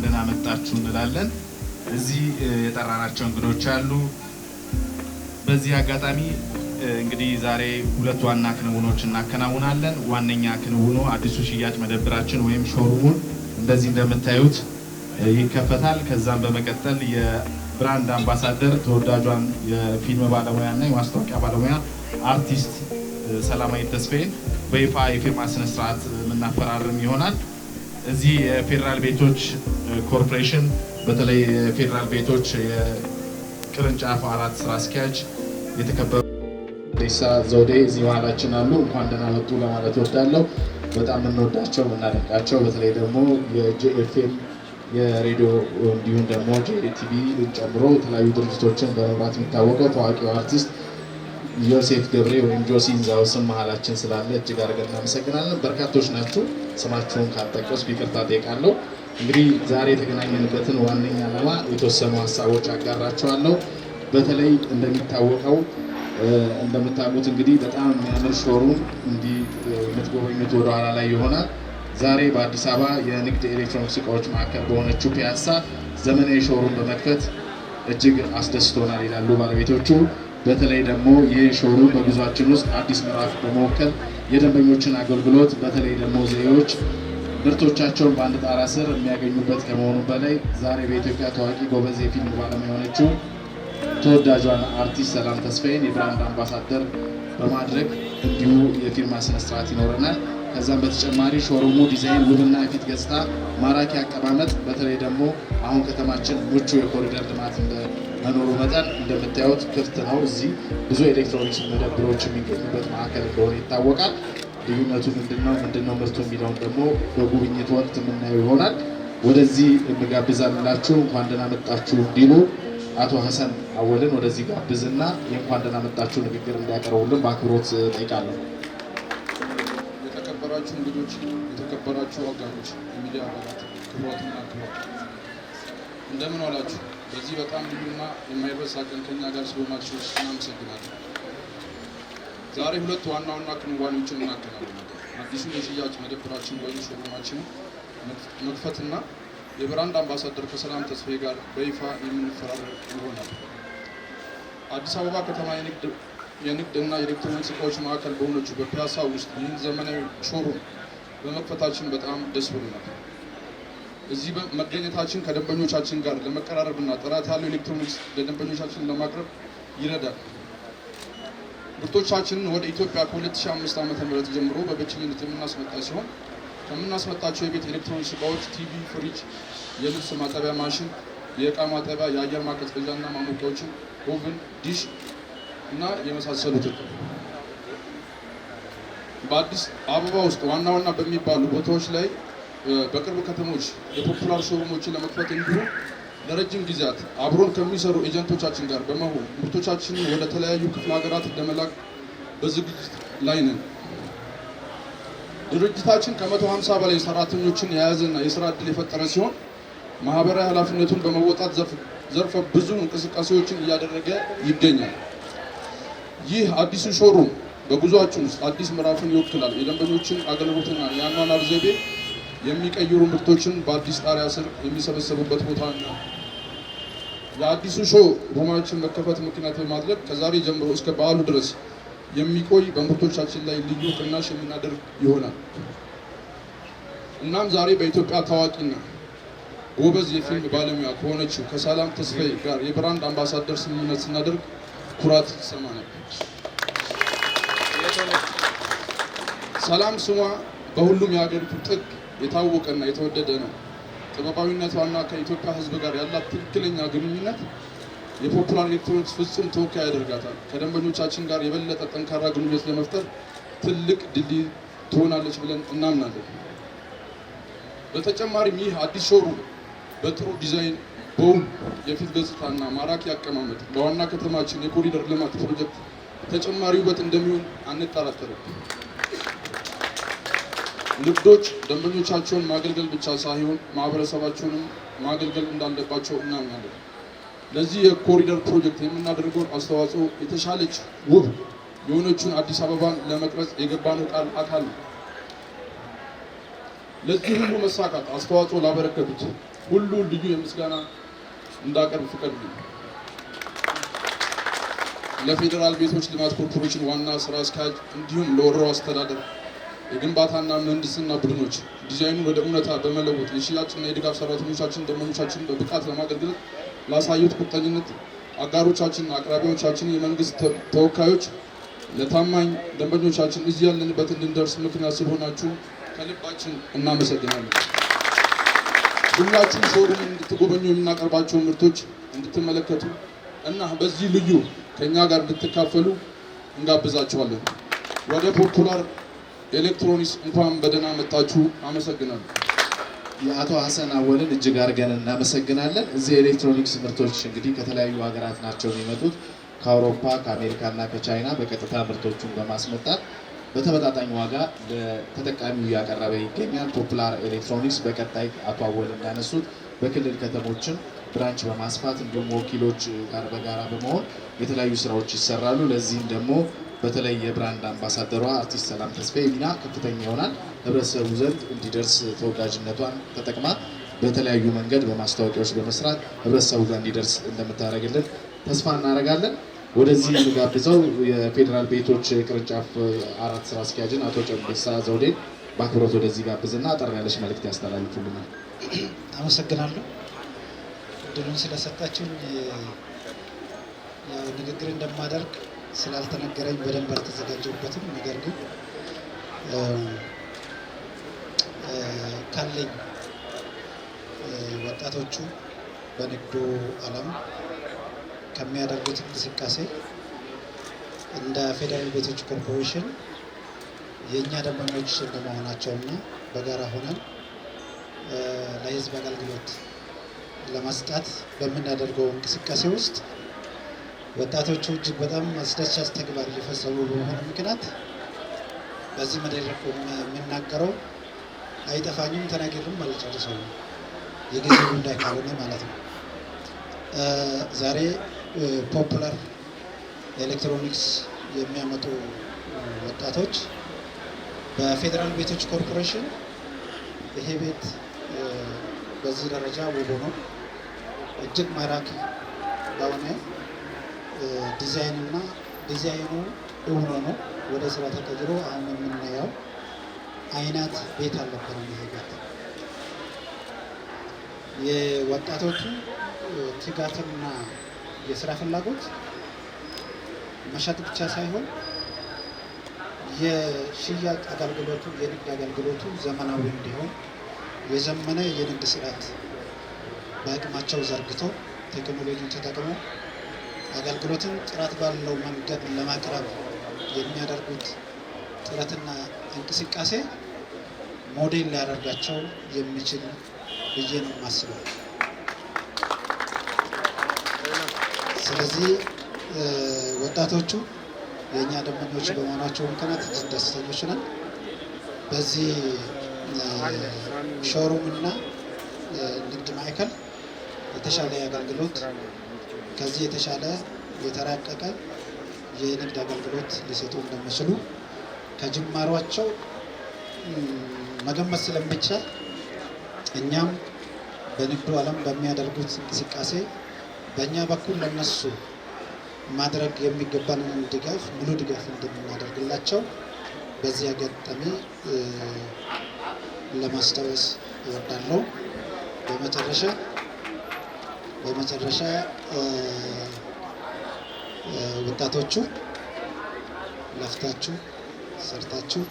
እንኳን ደህና መጣችሁ እንላለን። እዚህ የጠራናቸው እንግዶች አሉ። በዚህ አጋጣሚ እንግዲህ ዛሬ ሁለት ዋና ክንውኖች እናከናውናለን። ዋነኛ ክንውኑ አዲሱ ሽያጭ መደብራችን ወይም ሾሩሙን እንደዚህ እንደምታዩት ይከፈታል። ከዛም በመቀጠል የብራንድ አምባሳደር ተወዳጇን የፊልም ባለሙያና የማስታወቂያ ባለሙያ አርቲስት ሰላማዊት ተስፋዬን በይፋ የፊርማ ስነስርዓት የምናፈራርም ይሆናል። እዚህ የፌዴራል ቤቶች ኮርፖሬሽን በተለይ የፌዴራል ቤቶች የቅርንጫፍ አራት ስራ አስኪያጅ የተከበሩ ሌሳ ዘውዴ እዚህ መሀላችን አሉ። እንኳን ደህና መጡ ለማለት ወዳለው በጣም የምንወዳቸው የምናደንቃቸው በተለይ ደግሞ የጄኤፍኤም የሬዲዮ እንዲሁም ደግሞ ጄኤቲቪ ጨምሮ የተለያዩ ድርጅቶችን በመምራት የሚታወቀው ታዋቂው አርቲስት ዮሴፍ ገብሬ ወይም ጆሲ ዛውስም መሀላችን ስላለ እጅግ አድርገን እናመሰግናለን። በርካቶች ናቸው። ስማችሁን ካልጠቀስኩ ይቅርታ ጠይቃለሁ። እንግዲህ ዛሬ የተገናኘንበትን ዋነኛ ዓላማ የተወሰኑ ሀሳቦች አጋራቸዋለሁ። በተለይ እንደሚታወቀው እንደምታውቁት እንግዲህ በጣም የሚያምር ሾሩም እንዲህ የምትጎበኙት ወደኋላ ላይ ይሆናል። ዛሬ በአዲስ አበባ የንግድ ኤሌክትሮኒክስ እቃዎች ማዕከል በሆነችው ፒያሳ ዘመናዊ ሾሩም በመክፈት እጅግ አስደስቶናል ይላሉ ባለቤቶቹ። በተለይ ደግሞ ይህ ሾሩም በጉዟችን ውስጥ አዲስ ምዕራፍ በመወከል የደንበኞችን አገልግሎት በተለይ ደግሞ ዜዎች ምርቶቻቸውን በአንድ ጣራ ስር የሚያገኙበት ከመሆኑ በላይ ዛሬ በኢትዮጵያ ታዋቂ ጎበዝ የፊልም ባለሙያ የሆነችው ተወዳጇን አርቲስት ሰላም ተስፋዬን የብራንድ አምባሳደር በማድረግ እንዲሁ የፊርማ ስነስርዓት ይኖረናል። ከዛም በተጨማሪ ሾሩሙ ዲዛይን ውብና የፊት ገጽታ ማራኪ አቀማመጥ፣ በተለይ ደግሞ አሁን ከተማችን ምቹ የኮሪደር ልማት መኖሩ መጠን እንደምታዩት ክፍት ነው። እዚህ ብዙ ኤሌክትሮኒክስ መደብሮች የሚገኙበት ማዕከል እንደሆነ ይታወቃል። ልዩነቱ ምንድነው ምንድነው ምርቱ የሚለውን ደግሞ በጉብኝት ወቅት የምናየው ይሆናል። ወደዚህ እንጋብዛላችሁ እንኳን ደህና መጣችሁ እንዲሉ አቶ ሀሰን አወልን ወደዚህ ጋብዝና የእንኳን ደህና መጣችሁ ንግግር እንዳያቀርቡልን በአክብሮት ጠይቃለሁ። የተከበራችሁ እንግዶች፣ የተከበራችሁ አጋሮች፣ የሚዲያ አባላት ክብሯትና ክብሯ እንደምን ዋላችሁ? በዚህ በጣም ልዩና የማይረሳ ቀን ከኛ ጋር ስለሆናችሁ እናመሰግናለን። ዛሬ ሁለት ዋና ዋና ክንዋኔዎችን እናከናውናለን። አዲሱን የሽያጭ መደብራችን ወይም ሾሩማችን መክፈትና የብራንድ አምባሳደር ከሰላም ተስፋዬ ጋር በይፋ የምንፈራረቅ ይሆናል። አዲስ አበባ ከተማ የንግድና የኤሌክትሮኒክስ እቃዎች ማዕከል በሆነችው በፒያሳ ውስጥ ይህን ዘመናዊ ሾሩም በመክፈታችን በጣም ደስ ብሎናል። እዚህ መገኘታችን ከደንበኞቻችን ጋር ለመቀራረብና ጥራት ያለው ኤሌክትሮኒክስ ለደንበኞቻችን ለማቅረብ ይረዳል። ምርቶቻችንን ወደ ኢትዮጵያ ከ2005 ም ጀምሮ በብቸኝነት የምናስመጣ ሲሆን ከምናስመጣቸው የቤት ኤሌክትሮኒክስ እቃዎች ቲቪ፣ ፍሪጅ፣ የልብስ ማጠቢያ ማሽን፣ የእቃ ማጠቢያ፣ የአየር ማቀዝቀዣና ማሞቂያዎችን፣ ኦቭን፣ ዲሽ እና የመሳሰሉት በአዲስ አበባ ውስጥ ዋና ዋና በሚባሉ ቦታዎች ላይ በቅርብ ከተሞች የፖፑላር ሾሩሞችን ለመክፈት እንዲሁም ለረጅም ጊዜያት አብሮን ከሚሰሩ ኤጀንቶቻችን ጋር በመሆን ምርቶቻችንን ወደ ተለያዩ ክፍለ ሀገራት ለመላክ በዝግጅት ላይ ነን። ድርጅታችን ከ150 በላይ ሰራተኞችን የያዘና የስራ እድል የፈጠረ ሲሆን ማህበራዊ ኃላፊነቱን በመወጣት ዘርፈ ብዙ እንቅስቃሴዎችን እያደረገ ይገኛል። ይህ አዲሱ ሾሩም በጉዟችን ውስጥ አዲስ ምዕራፍን ይወክላል። የደንበኞችን አገልግሎትና የአኗኗር ዘይቤ የሚቀይሩ ምርቶችን በአዲስ ጣሪያ ስር የሚሰበሰቡበት ቦታ ነው። የአዲሱ ሾ ሩማችን መከፈት ምክንያት በማድረግ ከዛሬ ጀምሮ እስከ በዓሉ ድረስ የሚቆይ በምርቶቻችን ላይ ልዩ ቅናሽ የምናደርግ ይሆናል። እናም ዛሬ በኢትዮጵያ ታዋቂና ጎበዝ የፊልም ባለሙያ ከሆነችው ከሰላም ተስፋዬ ጋር የብራንድ አምባሳደር ስምምነት ስናደርግ ኩራት ይሰማናል። ሰላም ስሟ በሁሉም የሀገሪቱ ጥግ የታወቀና የተወደደ ነው። ጥበባዊነቷና ከኢትዮጵያ ሕዝብ ጋር ያላት ትክክለኛ ግንኙነት የፖፑላር ኤሌክትሮኒክስ ፍጹም ተወካይ ያደርጋታል። ከደንበኞቻችን ጋር የበለጠ ጠንካራ ግንኙነት ለመፍጠር ትልቅ ድልድይ ትሆናለች ብለን እናምናለን። በተጨማሪም ይህ አዲስ ሾሩም በጥሩ ዲዛይን በውብ የፊት ገጽታና ማራኪ አቀማመጥ ለዋና ከተማችን የኮሪደር ልማት ፕሮጀክት ተጨማሪ ውበት እንደሚሆን አንጠራጠርም። ንግዶች ደንበኞቻቸውን ማገልገል ብቻ ሳይሆን ማህበረሰባቸውንም ማገልገል እንዳለባቸው እናምናለን። ለዚህ የኮሪደር ፕሮጀክት የምናደርገውን አስተዋጽኦ የተሻለች ውብ የሆነችን አዲስ አበባን ለመቅረጽ የገባነው ቃል አካል ነው። ለዚህ ሁሉ መሳካት አስተዋጽኦ ላበረከቱት ሁሉ ልዩ የምስጋና እንዳቀርብ ፍቀዱልኝ። ለፌዴራል ቤቶች ልማት ኮርፖሬሽን ዋና ስራ አስኪያጅ እንዲሁም ለወረው አስተዳደር የግንባታና ምህንድስና ቡድኖች ዲዛይኑን ወደ እውነታ በመለወጥ የሽያጭና የድጋፍ ሰራተኞቻችን ደንበኞቻችን በብቃት ለማገልገል ላሳዩት ቁርጠኝነት አጋሮቻችንና አቅራቢዎቻችን የመንግስት ተወካዮች ለታማኝ ደንበኞቻችን እዚህ ያለንበት እንድንደርስ ምክንያት ስለሆናችሁ ከልባችን እናመሰግናለን። ሁላችሁ ሾሩም እንድትጎበኙ የምናቀርባቸው ምርቶች እንድትመለከቱ እና በዚህ ልዩ ከእኛ ጋር እንድትካፈሉ እንጋብዛችኋለን። ወደ ፖፑላር ኤሌክትሮኒክስ እንኳን በደህና መጣችሁ። አመሰግናለሁ። የአቶ ሀሰን አወልን እጅግ አድርገን እናመሰግናለን። እዚህ ኤሌክትሮኒክስ ምርቶች እንግዲህ ከተለያዩ ሀገራት ናቸው የሚመጡት ከአውሮፓ ከአሜሪካ እና ከቻይና በቀጥታ ምርቶቹን በማስመጣት በተመጣጣኝ ዋጋ ለተጠቃሚው እያቀረበ ይገኛል። ፖፕላር ኤሌክትሮኒክስ በቀጣይ አቶ አወል እንዳነሱት በክልል ከተሞችን ብራንች በማስፋት እንዲሁም ወኪሎች ጋር በጋራ በመሆን የተለያዩ ስራዎች ይሰራሉ። ለዚህም ደግሞ በተለይ የብራንድ አምባሳደሯ አርቲስት ሰላም ተስፋዬ ሚና ከፍተኛ ይሆናል። ህብረተሰቡ ዘንድ እንዲደርስ ተወዳጅነቷን ተጠቅማ በተለያዩ መንገድ በማስታወቂያዎች በመስራት ህብረተሰቡ ጋር እንዲደርስ እንደምታደርግልን ተስፋ እናደርጋለን። ወደዚህ ጋብዘው የፌዴራል ቤቶች ቅርንጫፍ አራት ስራ አስኪያጅን አቶ ጨንበሳ ዘውዴ በአክብሮት ወደዚህ ጋብዝና አጠር ያለች መልእክት ያስተላልፉልናል። አመሰግናለሁ እድሉን ስለሰጣችሁኝ። ንግግር እንደማደርግ ስላልተነገረኝ በደንብ አልተዘጋጀሁበትም። ነገር ግን ካለኝ ወጣቶቹ በንግዱ ዓለም ከሚያደርጉት እንቅስቃሴ እንደ ፌዴራል ቤቶች ኮርፖሬሽን የእኛ ደንበኞች እንደመሆናቸውና በጋራ ሆነን ለሕዝብ አገልግሎት ለመስጣት በምናደርገው እንቅስቃሴ ውስጥ ወጣቶቹ እጅግ በጣም አስደሳች ተግባር እየፈጸሙ በመሆኑ ምክንያት በዚህ መድረክ የምናገረው አይጠፋኝም ተናገርም ማለት ሰው የጊዜ ጉዳይ ካልሆነ ማለት ነው። ዛሬ ፖፑላር ኤሌክትሮኒክስ የሚያመጡ ወጣቶች በፌዴራል ቤቶች ኮርፖሬሽን ይሄ ቤት በዚህ ደረጃ ውሎ ነው እጅግ ማራኪ በሆነ ዲዛይንና ዲዛይኑ እውን ሆኖ ወደ ስራ ተቀይሮ አሁን የምናየው አይነት ቤት አልነበረ። ይሄጋት የወጣቶቹ ትጋትና የስራ ፍላጎት መሸጥ ብቻ ሳይሆን የሽያጭ አገልግሎቱ የንግድ አገልግሎቱ ዘመናዊ እንዲሆን የዘመነ የንግድ ስርዓት በአቅማቸው ዘርግተው ቴክኖሎጂን ተጠቅመው አገልግሎትን ጥራት ባለው መንገድ ለማቅረብ የሚያደርጉት ጥረትና እንቅስቃሴ ሞዴል ሊያደርጋቸው የሚችል ብዬ ነው የማስበው። ስለዚህ ወጣቶቹ የእኛ ደንበኞች በመሆናቸው ምክንያት እጅግ ደስተኞች ነን። በዚህ ሾሩም እና ንግድ ማዕከል የተሻለ አገልግሎት ከዚህ የተሻለ የተራቀቀ የንግድ አገልግሎት ሊሰጡ እንደሚችሉ ከጅማሯቸው መገመት ስለሚቻል እኛም በንግዱ ዓለም በሚያደርጉት እንቅስቃሴ በእኛ በኩል ለነሱ ማድረግ የሚገባንን ድጋፍ ሙሉ ድጋፍ እንደምናደርግላቸው በዚህ አጋጣሚ ለማስታወስ እወዳለሁ። በመጨረሻ በመጨረሻ ወጣቶቹ ለፍታችሁ ሰርታችሁ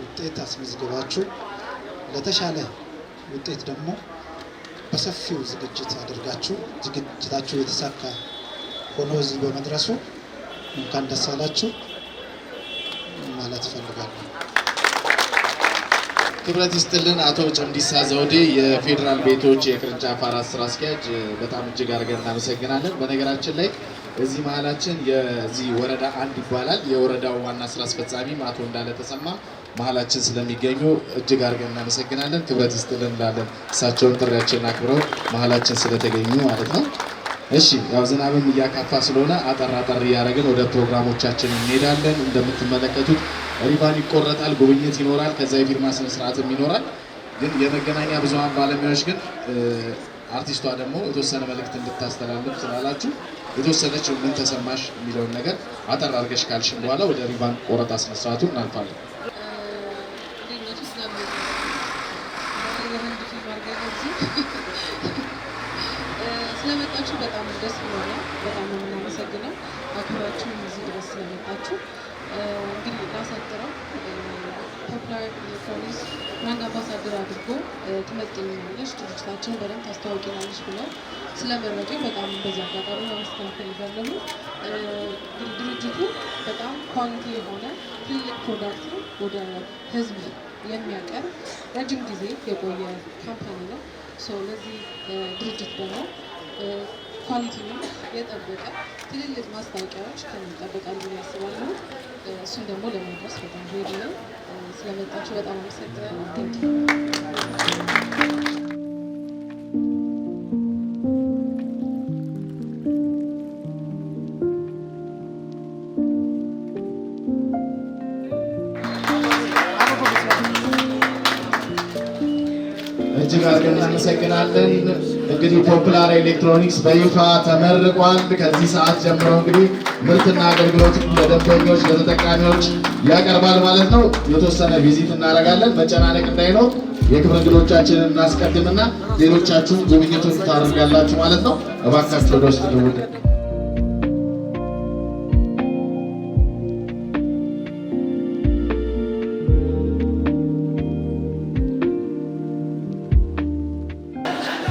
ውጤት አስመዝግባችሁ ለተሻለ ውጤት ደግሞ በሰፊው ዝግጅት አድርጋችሁ ዝግጅታችሁ የተሳካ ሆኖ እዚህ በመድረሱ እንኳን ደስ አላችሁ ማለት እፈልጋለሁ። ክብረት ይስጥልን። አቶ ጨምዲሳ ዘውዴ የፌዴራል ቤቶች የቅርንጫፍ አራት ስራ አስኪያጅ፣ በጣም እጅግ አድርገን እናመሰግናለን። በነገራችን ላይ እዚህ መሀላችን የዚህ ወረዳ አንድ ይባላል የወረዳው ዋና ስራ አስፈጻሚም አቶ እንዳለ ተሰማ መሀላችን ስለሚገኙ እጅግ አድርገን እናመሰግናለን። ክብረት ይስጥልን እንላለን። እሳቸውን ጥሪያችንን አክብረው መሀላችን ስለተገኙ ማለት ነው። እሺ ያው ዝናብም እያካፋ ስለሆነ አጠር አጠር እያደረግን ወደ ፕሮግራሞቻችን እንሄዳለን። እንደምትመለከቱት ሪባን ይቆረጣል፣ ጉብኝት ይኖራል፣ ከዛ የፊርማ ስርዓትም ይኖራል። ግን የመገናኛ ብዙሀን ባለሙያዎች ግን አርቲስቷ ደግሞ የተወሰነ መልእክት እንድታስተላልፍ ስላላችሁ የተወሰነች ምን ተሰማሽ የሚለውን ነገር አጠር አድርገሽ ካልሽም በኋላ ወደ ሪባን ቆረጣ ስነስርዓቱን እናልፋለን። ስለመጣችሁ በጣም ደስ ብሎኛል። በጣም ነው የምናመሰግነው አክብራችሁ እዚህ ድረስ ስለመጣችሁ እንግዲህ ላሳጥረው ፖፕላር ፖሊስ ብራንድ አምባሳደር አድርጎ ትመጥኛለሽ፣ ድርጅታችን በደንብ ታስተዋውቂናለሽ ብለው ስለመረጡ በጣም በዚህ አጋጣሚ ማመስገን እፈልጋለሁ። ድርጅቱ በጣም ኳሊቲ የሆነ ትልቅ ፕሮዳክት ወደ ህዝብ የሚያቀርብ ረጅም ጊዜ የቆየ ካምፓኒ ነው። ለዚህ ድርጅት ደግሞ ኳሊቲውን የጠበቀ ትልልቅ ማስታወቂያዎች ከሚጠበቃሉ ያስባለሁ። እሱን ደግሞ ለመድረስ በጣም ሄድ ነው። ስለመጣችሁ በጣም አመሰግናለሁ። እጅግ አድርገን እናመሰግናለን። እንግዲህ ፖፕላር ኤሌክትሮኒክስ በይፋ ተመርቋል። ከዚህ ሰዓት ጀምሮ እንግዲህ ምርትና አገልግሎት ለደንበኞች ለተጠቃሚዎች ያቀርባል ማለት ነው። የተወሰነ ቪዚት እናደርጋለን። መጨናነቅ እንዳይኖር የክብር እንግዶቻችንን እናስቀድምና ሌሎቻችሁ ጉብኝቱን ታደርጋላችሁ ማለት ነው። እባካችሁ ወደ ውስጥ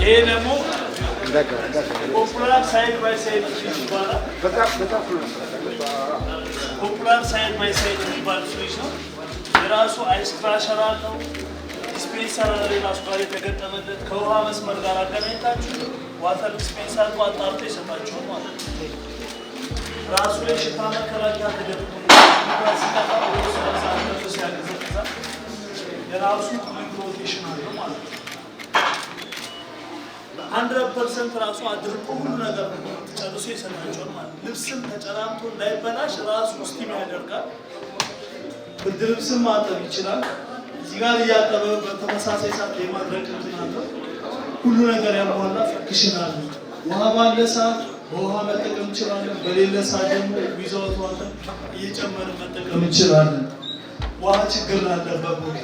ይሄ ደግሞ ፖፑላር ሳይድ ባይ ሳይድ ስዊች ይባላል። ፖፑላር ሳይድ ባይ ሳይድ የሚባል ስዊች ነው። የራሱ አይስ ክራሸር አለው። ዲስፔንሰር ራሱ ጋር የተገጠመለት ከውሃ መስመር ጋር አገናኝታችሁ ዋተር ዲስፔንሰር አጣርቶ ይሰጣችኋል ማለት ነው። ራሱ ላይ ሽታ መከላከያ ተገጥሞ ሲጠፋ የራሱ ሮቴሽን አለው ማለት ነው። ሀንድረድ ፐርሰንት ራሱ አድርቆ ሁሉ ነገር ጨርሶ ይሰጣቸዋል ማለት ልብስም ተጨራምቶ እንዳይበላሽ ራሱ ስቲም ያደርጋል። ብርድ ልብስም ማጠብ ይችላል። እዚህ ጋር እያጠበ በተመሳሳይ ሰዓት የማድረግ እንትናለው ሁሉ ነገር ያሟላ ፍክሽን አለ። ውሃ ባለ ሰዓት በውሃ መጠቀም እንችላለን። በሌለ ሰዓት ደግሞ ዊዛወት ዋተር እየጨመርን መጠቀም እንችላለን። ውሃ ችግር ላለበት ቦታ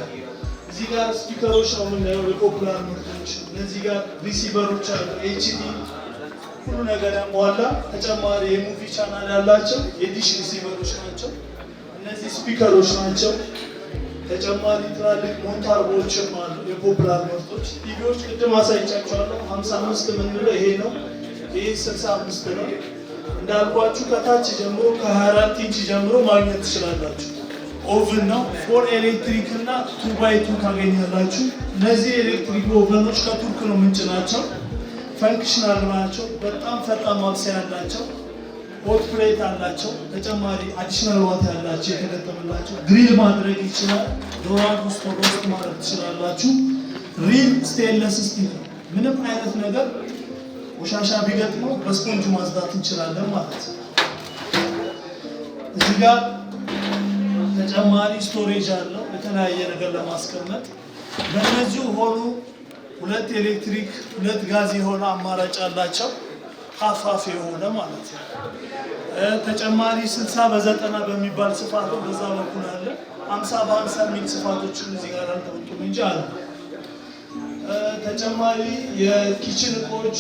እዚህ ጋር ስፒከሮች ነው የምናየው፣ የፖፑላር ምርቶች እነዚህ ጋር ሪሲቨሮች አሉ፣ ኤችዲ ሁሉ ነገር ያሟላ። ተጨማሪ የሙቪ ቻናል ያላቸው የዲሽ ሪሲቨሮች ናቸው። እነዚህ ስፒከሮች ናቸው። ተጨማሪ ትላልቅ ሞንታርቦችም አሉ፣ የፖፑላር ምርቶች። ቲቪዎች ቅድም አሳይቻቸዋለሁ። 55 የምንለው ይሄ ነው። ይሄ 65 ነው። እንዳልኳችሁ ከታች ጀምሮ ከ24 ኢንች ጀምሮ ማግኘት ትችላላችሁ። ኦቨን ነው። ፎር ኤሌክትሪክ እና ቱ ባይ ቱ ታገኛላችሁ። እነዚህ ኤሌክትሪክ ኦቨኖች ከቱርክ ነው ምንጭ ናቸው። ፈንክሽናል ናቸው። በጣም ፈጣን ማብሰያ ያላቸው፣ ሆት ፕሌት አላቸው። ተጨማሪ አዲሽናል ዋት ያላቸው የተገጠመላቸው፣ ግሪል ማድረግ ይችላል። ዶራት ውስጥ ውስጥ ማድረግ ትችላላችሁ። ሪል ስቴንለስ ስቲል ነው። ምንም አይነት ነገር ቆሻሻ ቢገጥመው በስፖንጅ ማጽዳት እንችላለን ማለት ነው እዚህ ጋር ተጨማሪ ስቶሬጅ አለው የተለያየ ነገር ለማስቀመጥ። በነዚሁ ሆኑ ሁለት ኤሌክትሪክ ሁለት ጋዝ የሆነ አማራጭ አላቸው። ሀፋፍ የሆነ ማለት ነው። ተጨማሪ ስልሳ በዘጠና በሚባል ስፋት በዛ በኩል አለ። አምሳ በአምሳ የሚል ስፋቶችን እዚህ ጋር አልተወጡም እንጂ አለ። ተጨማሪ የኪችን እቃዎች፣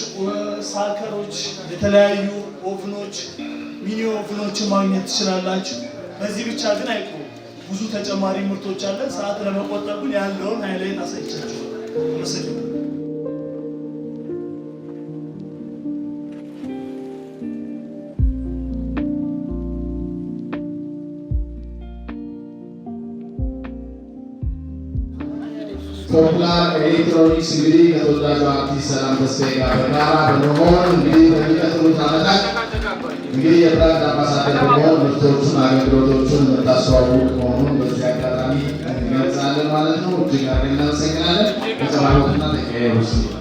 ሳከሮች፣ የተለያዩ ኦቭኖች፣ ሚኒ ኦቭኖችን ማግኘት ትችላላችሁ። በዚህ ብቻ ግን አይቆም። ብዙ ተጨማሪ ምርቶች አለ። ሰዓት ለመቆጠብን ያለውን ኃይላይን አሳይቻቸው መሰግናል። ፖፕላር ኤሌክትሮኒክስ እንግዲህ ከተወዳጁ አርቲስት ሰላም ተስፋዬ ጋር በጋራ በመሆን እንግዲህ በሚቀጥሉት ዓመታት እንግዲህ የብራንድ አምባሳደር በመሆን ምርቶቹን አገልግሎቶቹን የምታስተዋውቅ መሆኑ በዚህ አጋጣሚ እንገልጻለን ማለት ነው። እጅግ አድርገን እናመሰግናለን። በጸሎትና ተቀያየሩ